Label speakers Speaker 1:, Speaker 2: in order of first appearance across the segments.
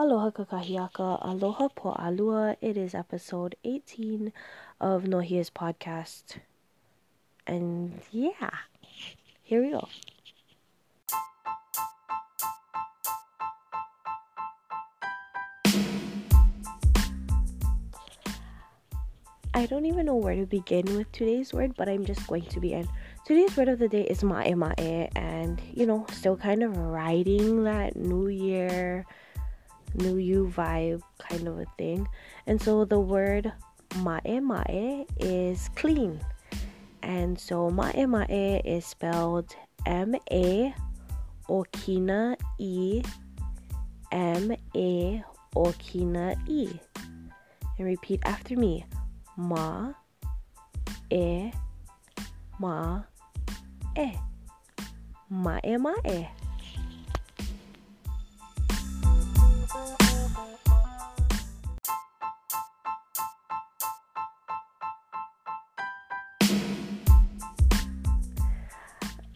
Speaker 1: Aloha kakahiaka, aloha po po'alua. It is episode 18 of Nohia's podcast. And yeah, here we go. I don't even know where to begin with today's word, but I'm just going to begin. Today's word of the day is ma'e ma'e, and you know, still kind of riding that new year new you vibe kind of a thing. And so the word mae mae is clean. And so mae mae is spelled M A Okina E M A Okina E. And repeat after me. Ma e ma e ma e ma e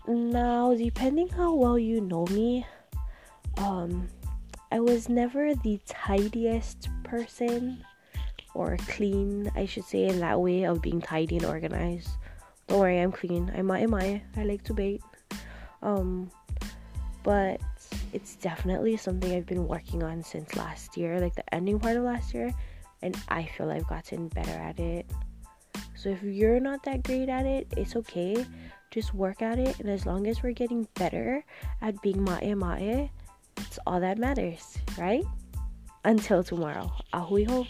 Speaker 1: Now, depending how well you know me, um, I was never the tidiest person or clean, I should say, in that way of being tidy and organized. Don't worry, I'm clean. I'm I I. I like to bathe, Um, but it's definitely something I've been working on since last year, like the ending part of last year, and I feel I've gotten better at it. So if you're not that great at it, it's okay just work at it and as long as we're getting better at being mae mae it's all that matters right until tomorrow ahuiho.